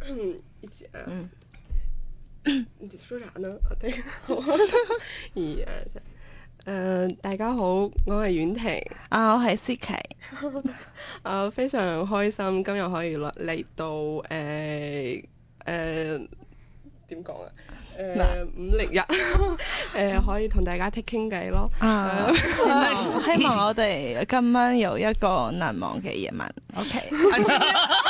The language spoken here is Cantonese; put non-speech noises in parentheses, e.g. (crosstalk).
(noise) (noise) 嗯，一嗯，你說啥呢？啊，大家好，二誒，二 uh, 大家好，我係婉婷，啊，我係思琪，啊 (laughs) (noise) uh, 非常開心今日可以來嚟到誒誒點講啊，誒五零一誒可以同大家傾傾偈咯， (noise) (noise) (noise) 希望我哋今晚有一個難忘嘅夜晚，OK。 (laughs) (laughs)